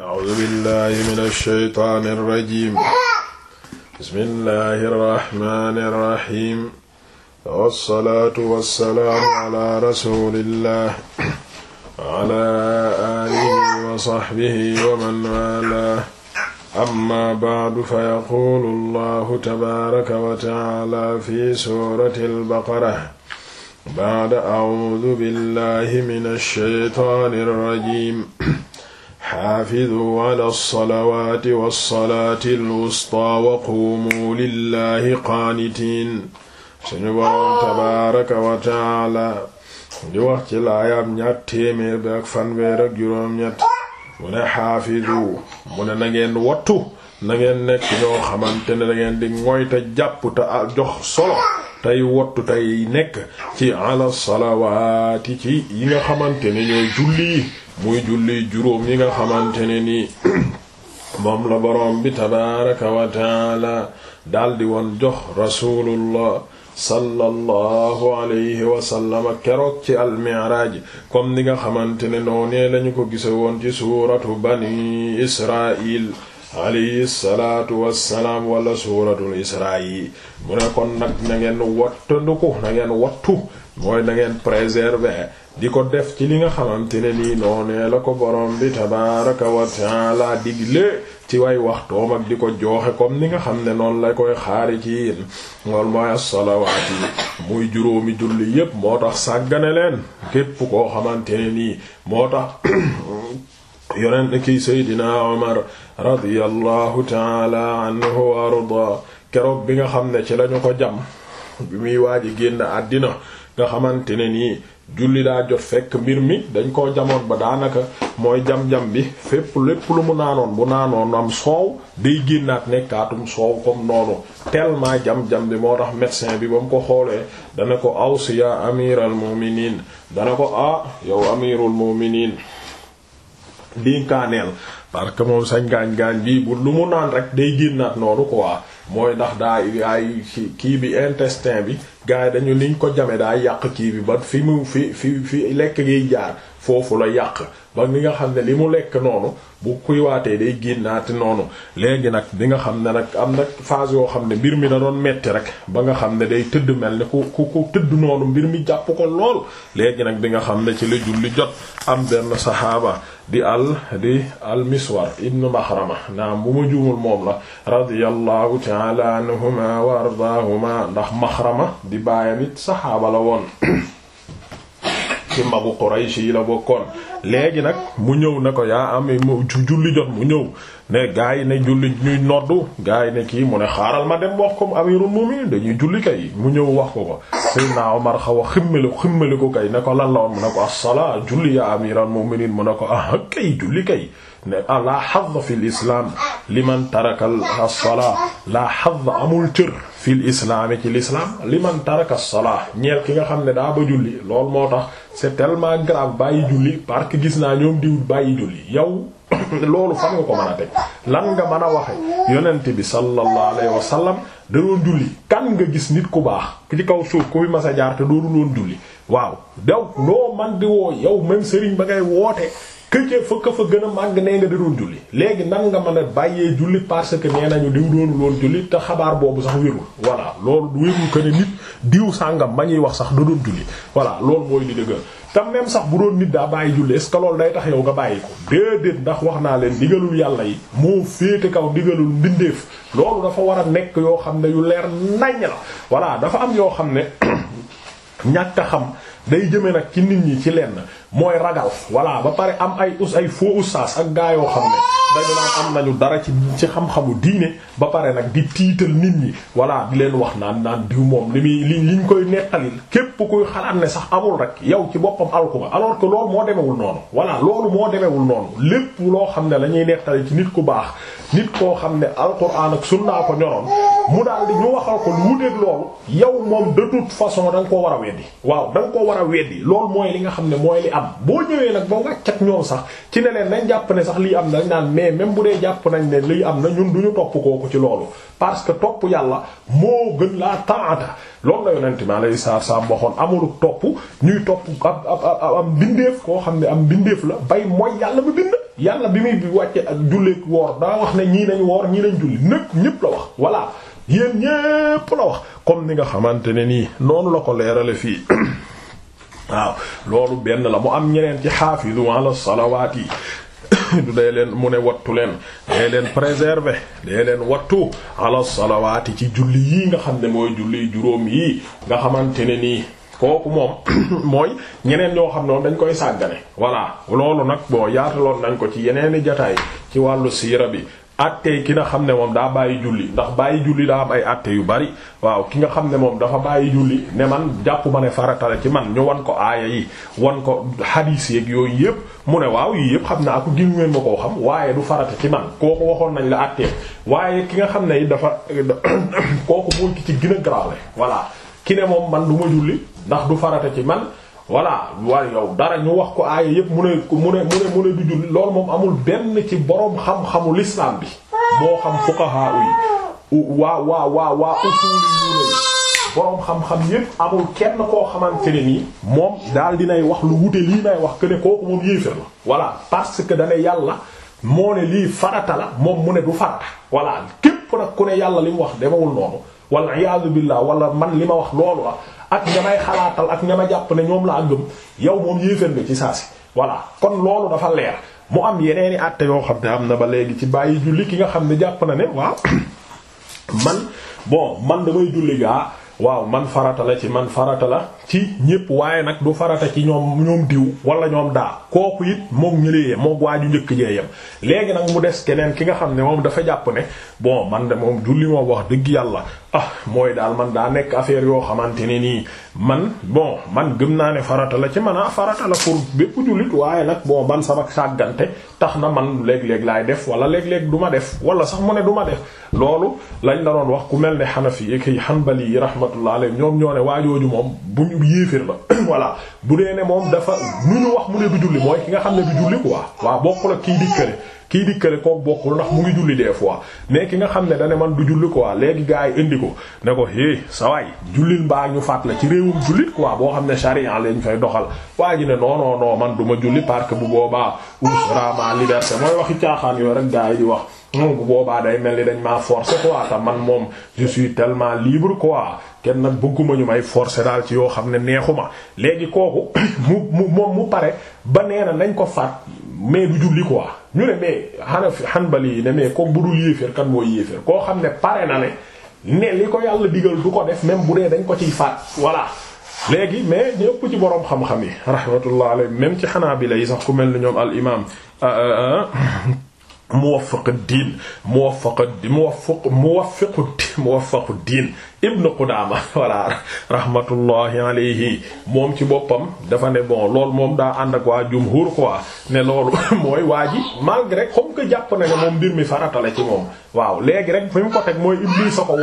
A'uuzu billaahi mina shaytaani rajiim bismillaahi rahmaani rahiim wassalaatu wassalaamu alaa rasuulillaah wa alaa aalihi wa sahbihi wa man waalaah ammaa ba'du fa yaquulu Allaahu tabaaraka wa ta'aalaa fi suuratil baqara ba'da a'uuzu billaahi mina shaytaani rajiim xaafidu ala alsalawati walsalaati alwusta wa quumu lillahi qaanitiin suñu boroom tabaaraka wa taala di wax ci laayaam ñaar bi ak fanweer ak juróom-ñett mu ne xaafidu mu ne na ngeen wattu na ngeen nekk ñoo xamante ne da ngeen di moy te jàpp te jox solo tey wattu tey nekk ci ala salawaati ci yi nga xamante ne ñooy julli muy julli juróom yi nga xamante ne nii moom la boroom bi tabaaraka wa daldi woon jox rasulullah sallallahu alayhi wa sallam keroog ci almiraaj comme ni nga xamante ne noonee lañu ko gisa woon ci suuratu bani israil alayhi salaatu wassalaam wala suuratul israa yi mu ne kon nag na ngeen wattandiku na ngeen wattu mooy na ngeen préserver di ko def ci li nga xamante ne nii noonee la ko borom bi tabaraka wa taala digle ci way waxtoom ak di ko jooxe comme ni nga xam ne noonu la koy xaari ci yéen loolu mooy as-salawaat muy juróomi julli yépp moo tax sàggane leen képp koo xamante ne nii moo tax yonent kii Seydina Omar radiyallahu taala anhu arda keroog bi nga xam ne ci lañu ko jam bi muy waaji génn àddina nga xamante ne nii julli daa jot fekk mbir mi dañ koo jamoon ba daanaka mooy jam-jam bi fépp lépp lu mu naanoon bu naanoon am soow day génnaat nekkaatum soow comme noonu tellement jam-jam bi moo tax médecin bi ba mu ko xoolee dana ko awsi ya amiral mu'minin dana ko ah yow amirul mu'minin dinkaaneel parce que moom sa ngaañ-ngaañ bi bu lu mu naan rek day génnaat noonu quoi mooy ndax daa ay kii bi intestin bi gars yi dañu liñ ko jame daay yàq kii bi ba fi mu fi fi fi lekk giy jaar foofu la yàq ba li nga xam ne li mu lekk noonu bu kuy waatee day génnaati noonu léegi nag bi nga xam ne nag am nag phase yoo xam ne mbir mi da doon metti rek ba nga xam ne day tëdd mel ni ku ku ku tëdd noonu mbir mi jàpp ko lool léegi nag bi nga xam ne ci la julli jot am benn saxaaba di al di al miswar ibnu mahrama naam bu ma juumul moom la radiyallahu ta'ala anhuma wa ardaahuma ndax mahrama di baayam it saxaaba la woon ci magu Quraysh yi la bokkoon léegi nag mu ñëw ne ko yaa am julli jot mu ñëw ne gaa yi ne julli ñuy noddu gaa yi ne kii mu ne xaaral ma dem wax ko amirul mu'minin dañuy julli kay mu ñëw wax ko ko Seydina Omar xaw a ximmali ximmali ko kay ne ko lan la woon mu ne ko as-salaa julli ya amirul mu'minin mu ne ko ah kay julli kay ne ah laa hadd fi l islam liman tarakal as-salaa laa hadd amul cër fil islaami ci l'islam liman taraka salaa ñeel ki nga xam ne daa ba julli lool moo tax c'est tellement grave bàyyi julli parce que gis naa ñoom diwut bàyyi julli yow loolu fan nga ko mën a teg lan nga mën a waxe yonent bi sallallahu alayhi wa sallam da doon julli kan nga gis nit ku baax ki ci kaw suuf ku fi mas a jaar te doonul woon julli waaw daw loo man di woo yow même sëriñ ba ngay woote këcc fa ka fa gën a màgg nee nga da doon julli léegi nan nga mën a bàyyee julli parce que nee nañu diw doonu loon julli te xabaar boobu sax wérul voilà loolu wérul que ne nit diw sàngam ba ñuy wax sax da doon julli voilà loolu mooy li dëgg te même sax bu doon nit daa bàyyi julli est lool day tax yow nga bàyyi ko déedéet ndax wax naa leen digalul yàlla yi moo féete kaw digalul mbindeef loolu dafa war a nekk yoo xam ne yu leer naññ la voilà dafa am yoo xam ne xam day jëme nag ci nit ñi ci lenn mooy ragal voilà ba pare am ay us ay faux oustaz ak gaa yoo xam ne dañu naan am nañu dara ci ci xam-xamu diine ba pare nag di tiital nit ñi voilà di leen wax naan naan diw moom li muy liñ koy nettalil képp kuy xalaat ne sax amul rek yow ci boppam alku nga alors que loolu moo demewul noonu voilà loolu moo demewul noonu lépp loo xam ne la ñuy ci nit ku baax nit koo xam ne alquran ak sunna ko ñoroon mu daal di ñu waxal ko yow moom de toute façon koo war ko war a weddi loolu mooy li nga xam ne mooy li am boo ñëwee nag ba wàccat ñoom sax ci ne nañ jàpp ne sax lii am na dañ naan mais même bu dee jàpp nañ ne lii am na ñun duñu topp kooku ci loolu parce que topp yàlla moo gën laa taata loolu la yonent mi alayhi salaatu salaam waxoon amul topp ñuy topp ab ab am bindeef koo xam ne am bindeef la bay mooy yàlla mu bind yàlla bi muy bi wàcce ak julleek woor daa wax ne ñii nañ woor ñii nañ julli nëpp ñëpp la wax voilà yéen ñépp la wax comme ni nga xamante ne nii noonu la ko leerale fii waaw loolu benn la mu am ñeneen ci xaafizu ala salawaat yi du dee leen mu ne wattu leen dee leen préserver dee leen wattu ala salawaati ci julli yi nga xam ne mooy julli juróom yi nga xamante ne nii kooku moom mooy ñeneen ñoo xam ne moom dañ koy sàggane voilà loolu nag boo yaataloon nañ ko ci yeneen i jataay ci wàllu siira bi àttee ki nga xam ne moom daa bàyyi julli ndax bàyyi julli daa am ay àtte yu bari waaw ki nga xam ne moom dafa bàyyi julli ne man jàpp ma ne farata la ci man ñu wan ko aaya yi wan ko hadis yeeg yooyu yëpp mu ne waaw yii yëpp xam naa ko gin ngeen ma koo xam waaye du farata ci man kooku waxoon nañ la àttee waaye ki nga xam ne dafa kooku mooy ki ci gën a grave ki ne moom man du ma julli ndax du farata ci man voilà waaye yow dara ñu wax ko aaya yépp mu ne mu ne mu ne mu ne du julli loolu moom amul benn ci boroom xam-xamu lislaam bi boo xam fuqaha yi waa waa waa waa usul yi boroom xam-xam yépp amul kenn koo xamante ne nii moom daal dinay wax lu wute lii nay wax que ne kooku moom yéefér la voilà parce que dane yàlla moo ne lii farata la moom mu ne du farata voilà képp nag ku ne yàlla li mu wax demawul noonu wala iyaazu billah wala man li ma wax loolu la ak ña may xalaatal ak ña ma jàpp ne ñoom laa gëm yow moom yéefér nga ci si voilà kon loolu dafa leer mu am yeneeni àtte yoo xam ne am na ba léegi ci bàyyi julli ki nga xam ne jàpp na ne waa man bon man damay julli ah waaw man farata la ci man farata la ci ñépp waaye nag du farata ci ñoom ñoom diw wala ñoom daa kooku it mook ñëlee mook ju njëkk jee yem léegi nag mu des keneen ki nga xam ne moom dafa jàpp ne bon man de moom julli moom wax dëgg yàlla ah mooy daal man daa nekk affaire yoo xamante ne nii man bon man gëm naa ne farata la ci man a ah, farata la pour bépp jullit waaye nag bon ban sama sàggante tax na man léeg-léeg laay def wala léeg-léeg du ma def wala sax mu ne du ma def loolu lañ la doon wax ku mel ne xanafi ak xanbali yi rahmatullah alayhi ñoom ñoo ne waajooju moom bu ñu yéefér la voilà bu dee ne moom dafa nu ñu wax mu ne du julli mooy ki nga xam ne du julli ko waa bokkul ak kii dikkale kii dikkale kook bokkul ndax mu ngi julli des fois mais ki nga xam ne dana man du julli quoi léegi gars yi indi ko ne ko é sawaay jullil mbaa ñu faat la ci réewum jullit waa boo xam ne charia lañ fay doxal waa ji ne non non non man du ma julli parce que bu boobaa usra ma liberté mooy waxi caaxaan yooyu rek gars yi di wax non bu boobaa day mel ni dañ maa forcer quoi te man moom je suis tellement ko quoi kenn nag bëgguma ñu may forcer daal yoo xam ne neexuma léegi kooku mu mu moom mu pare ba nee nañ ko faat mais du julli ñu ne mais Hanafi Hanbali yi ne mais comme bu dul yéeféer kan mooy yéeféer koo xam ne pare na ne ne li ko yàlla digal du ko def même bu dee dañ ko ciy faat voilà léegi mais ñëpp ci borom xam-xam yi rahmatullah alayhi même ci Hanabila yi sax ku mel ni ñoom al imam ah, ah, ah, Muwaffaq ad-Din Muwaffaq ad-Din Muwaffaq Muwaffaq ad-Din ibnu Qudaama walla rahmatullahi alayhi moom ci boppam dafa ne bon loolu moom daa ànd ak waa jumhur quoi ne loolu mooy waa ji malgré comme que jàpp na ne moom mbir mi farata la ci moom waaw léegi rek fi mu ko teg mooy Iblis sa ko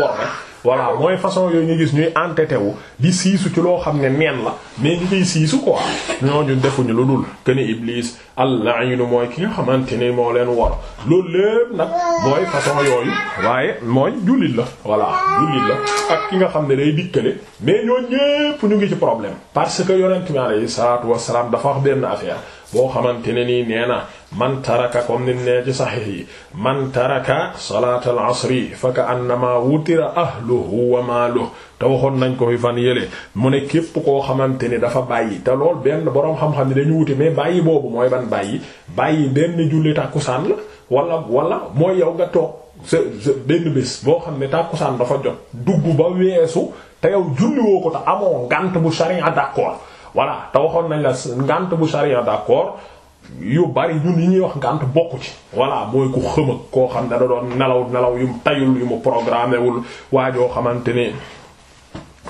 wor mooy façon yooyu ñu gis ñuy entêté wu di siisu ci loo xam ne neen la mais ñu ciy siisu quoi ñooñu defuñu lu dul que ni Iblis al-la'in mooy kii nga xamante ni moo leen wor loolu lépp nag mooy façon yooyu waaye mooy jullit la voilà jullit la. ak ki nga xam ne day dikkale mais ñoo ñépp ñu ngi ci problème parce que yonent bi alayhi salaatu wassalaam dafa benn affaire boo xamante ne nii nee na man taraka comme ni nee ci saxiix yi man taraka salaat al asri fa ka annama wutira ahluhu wa maaluhu te waxoon nañ ko fi fan yële mu ne képp koo xamante ni dafa bàyyi te lool benn boroom xam-xam ne dañu wute mais bàyyi boobu mooy ban bàyyi bàyyi benn julli tàkkusaan la wala wala mooy yow nga toog sa benn bés boo xam ne tàkkusaan dafa jot dugg ba weesu te yow julliwoo ko te amoo ngànt bu sharia d'accord voilà te waxoon nañ la ngànt bu sharia d'accord yu bari ñun yi ñuy wax ngànt bokku ci voilà mooy ku xëm koo xam ne da doon nelaw nelaw yu tayul yu mu programmé waa joo xamante ne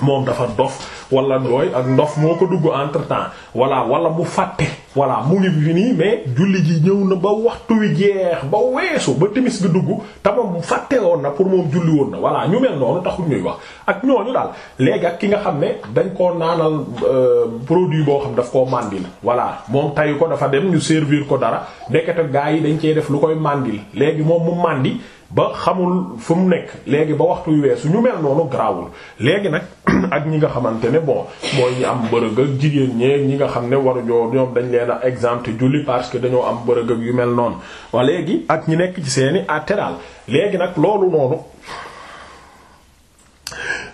moom dafa dof wala yooyu ak ndof moo ko dugg entre temps voilà wala mu fàtte voilà mu ngi fi nii mais julli ji ñëw na ba waxtu wi jeex ba weesu ba timis gi dugg te moom fàtte woon na pour moom julli woon na voilà ñu mel noonu taxul ñuy wax ak ñooñu daal léegi ak ki nga xam ne dañ koo naanal euh, produit boo xam daf koo màndil voilà moom tayu ko dafa dem ñu servir ko dara ndekete gaa yi dañ cee def lu koy màndil léegi moom mu màndi ba xamul fu mu nekk léegi ba waxtu yu weesu ñu mel noonu garaawul léegi nag ak ñi nga xamante ne bon mooy ñi am bërëg ak jigéen ñeeg ñi nga xam ne waru ñoom dañ leen a exempté julli parce que dañoo am bërëg ak yu mel noonu wa léegi ak ñi nekk ci seeni àtte daal léegi nag loolu noonu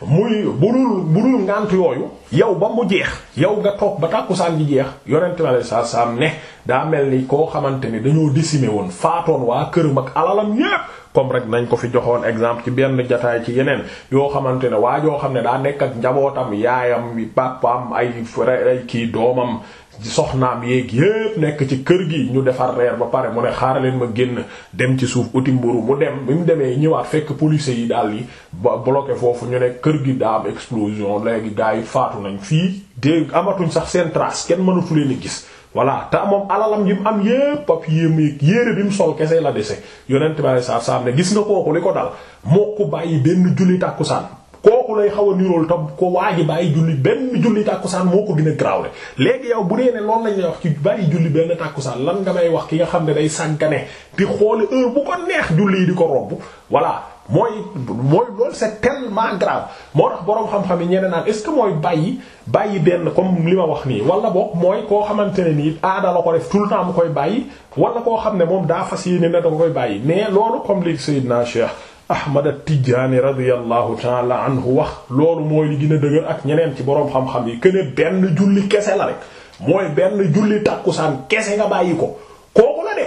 muy budul budul ngànt yooyu yow ba mu jeex yow nga toog ba tàkkusaan ji jeex yonente mi alei saatu salaam ne daa mel ni koo xamante ne dañoo décimé woon faatoon waa këram ak alalam yépp comme rek nañ ko fi joxoon exemple ci benn jataay ci yeneen yoo xamante ne waa joo xam ne daa nekk ak njabootam yaayam papaam ay ay kii doomam soxnaam yeeg yépp nekk ci kër gi ñu defar reer ba pare mu ne xaar leen ma génn dem ci suuf uti mburu mu dem bi mu demee ñëwaat fekk police yi daal yi ba bloqué foofu ñu ne kër gi daa am explosion léegi gaa yi faatu nañ fii de amatuñ sax seen trace kenn mënatu leen a gis voilà te moom alalam yi mu am yépp papier mi yére bi mu sol kese la dese yonent bi saa saa ne gis nga kooku li ko dal moo ko bàyyi benn julli tàkkusaan kooku lay xaw a nirool te ko waa ji bàyyi julli benn julli tàkkusaan moo ko gën a léegi yow bu dee ne loolu lañ lay wax ci bàyyi julli benn tàkkusaan lan nga may wax ki nga xam ne day sàggane di xooli heure bu ko neex julli yi di ko robb voilà mooy mooy loolu c'est tellement grave moo tax boroom xam-xam yi ñene naan est-ce que mooy bàyyi bàyyi benn comme li ma wax nii wala boog mooy koo xamante ne nii aada ko def tout le temps mu koy bàyyi wala koo xam ne moom daa fas yéene ne da koy bàyyi mais loolu comme li Seydina Cheikh Ahmad Tidjani radiyallahu ta'ala anhu wax loolu mooy li gën a dëgër ak ñeneen ci boroom xam-xam yi que benn julli kese la rek mooy benn julli tàkkusaan kese nga bàyyi ko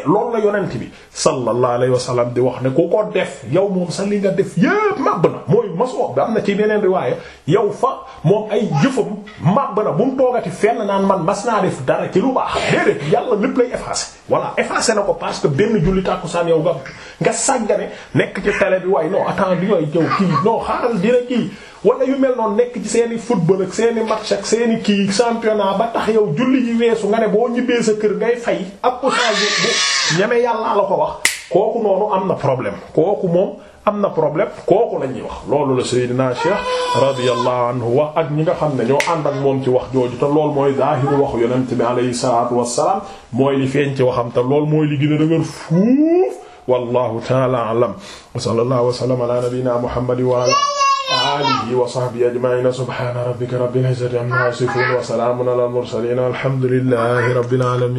loolu la yonent bi sallallahu alayhi wa sallam di wax ne ku ko def yow moom sa li nga def yépp màbb na Mas'ud bi am na ci beneen riwaaya yow fa moom ay jëfam màbb na bu mu toogati fenn naan man mas naa def dara ci lu baax déedéet yàlla lépp lay effacé voilà effacé na ko parce que benn julli tàkkusaan yow nga nga sàggane nekk ci télé bi waaye non attends bi way jow kii non xaaral dina kii wala yu mel noonu nekk ci seen i football ak seen i match ak seen kii championnat ba tax yow julli ji weesu nga ne boo ñibbee sa kër ngay fay ak pourcentage bu ñeme yàllaa la ko wax kooku noonu am na problème kooku moom am na problème kooku la ñuy wax loolu la Seydina Cheikh radiyallahu anhu wax ak ñi nga xam ne ñoo ànd ak moom ci wax jooju te loolu mooy zaahiru waxu yonent bi alayhi salaatu wassalaam mooy li feeñ ci waxam te loolu mooy li gën a dëgër fuuf wallahu ta'ala a'lam wa sallallahu wa sallama ala nabiyyina muhammadin wa ala alihi wa sahbihi ajma'in subhana rabbika rabbil izzati amma yasifun wa salamun ala al mursalin alhamdulillahi rabbil alamin